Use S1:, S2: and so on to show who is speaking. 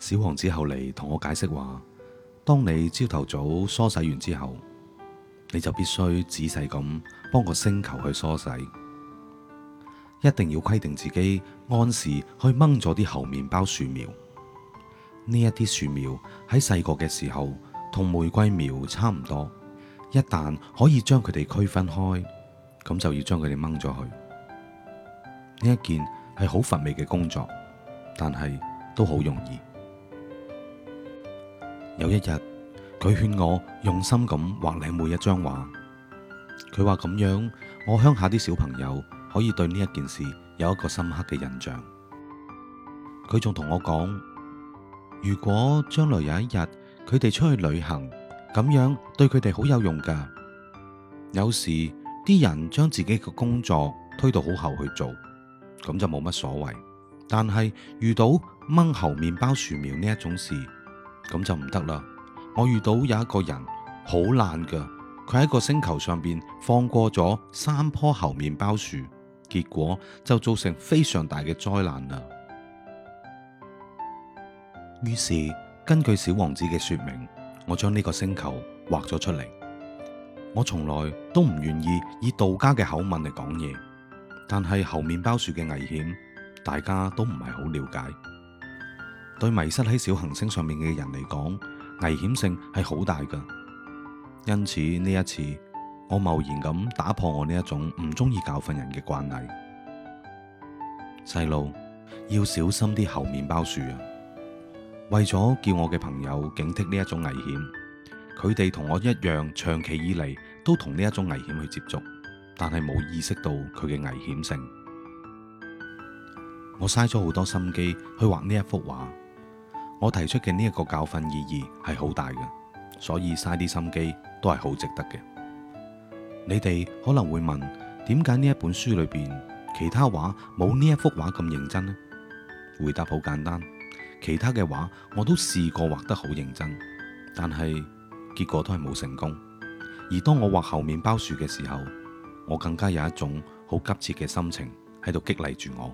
S1: 小王子後嚟同我解釋話，當你朝頭早梳洗完之後，你就必須仔細咁幫個星球去梳洗，一定要規定自己按時去掹咗啲猴麵包樹苗。呢一啲樹苗喺細個嘅時候同玫瑰苗差唔多，一旦可以將佢哋區分開，咁就要將佢哋掹咗去。呢一件係好乏味嘅工作，但係都好容易。有一日，佢勸我用心咁畫你每一張畫。佢話咁樣，我鄉下啲小朋友可以對呢一件事有一個深刻嘅印象。佢仲同我講，如果將來有一日佢哋出去旅行，咁樣對佢哋好有用噶。有時啲人將自己嘅工作推到好後去做，咁就冇乜所謂。但係遇到掹猴麵包樹苗呢一種事。咁就唔得啦！我遇到有一個人好爛噶，佢喺個星球上面放過咗三棵猴麵包樹，結果就造成非常大嘅災難啦。於是根據小王子嘅說明，我將呢個星球畫咗出嚟。我從來都唔願意以道家嘅口吻嚟講嘢，但係猴麵包樹嘅危險，大家都唔係好了解。對迷失喺小行星上面嘅人嚟講，危險性係好大噶。因此呢一次，我貿然咁打破我呢一種唔中意教訓人嘅慣例。細路要小心啲猴麵包樹啊！為咗叫我嘅朋友警惕呢一種危險，佢哋同我一樣長期以嚟都同呢一種危險去接觸，但係冇意識到佢嘅危險性。我嘥咗好多心機去畫呢一幅畫。我提出嘅呢一個教訓意義係好大嘅，所以嘥啲心機都係好值得嘅。你哋可能會問，點解呢一本書裏邊其他畫冇呢一幅畫咁認真呢？回答好簡單，其他嘅畫我都試過畫得好認真，但係結果都係冇成功。而當我畫猴麵包樹嘅時候，我更加有一種好急切嘅心情喺度激勵住我。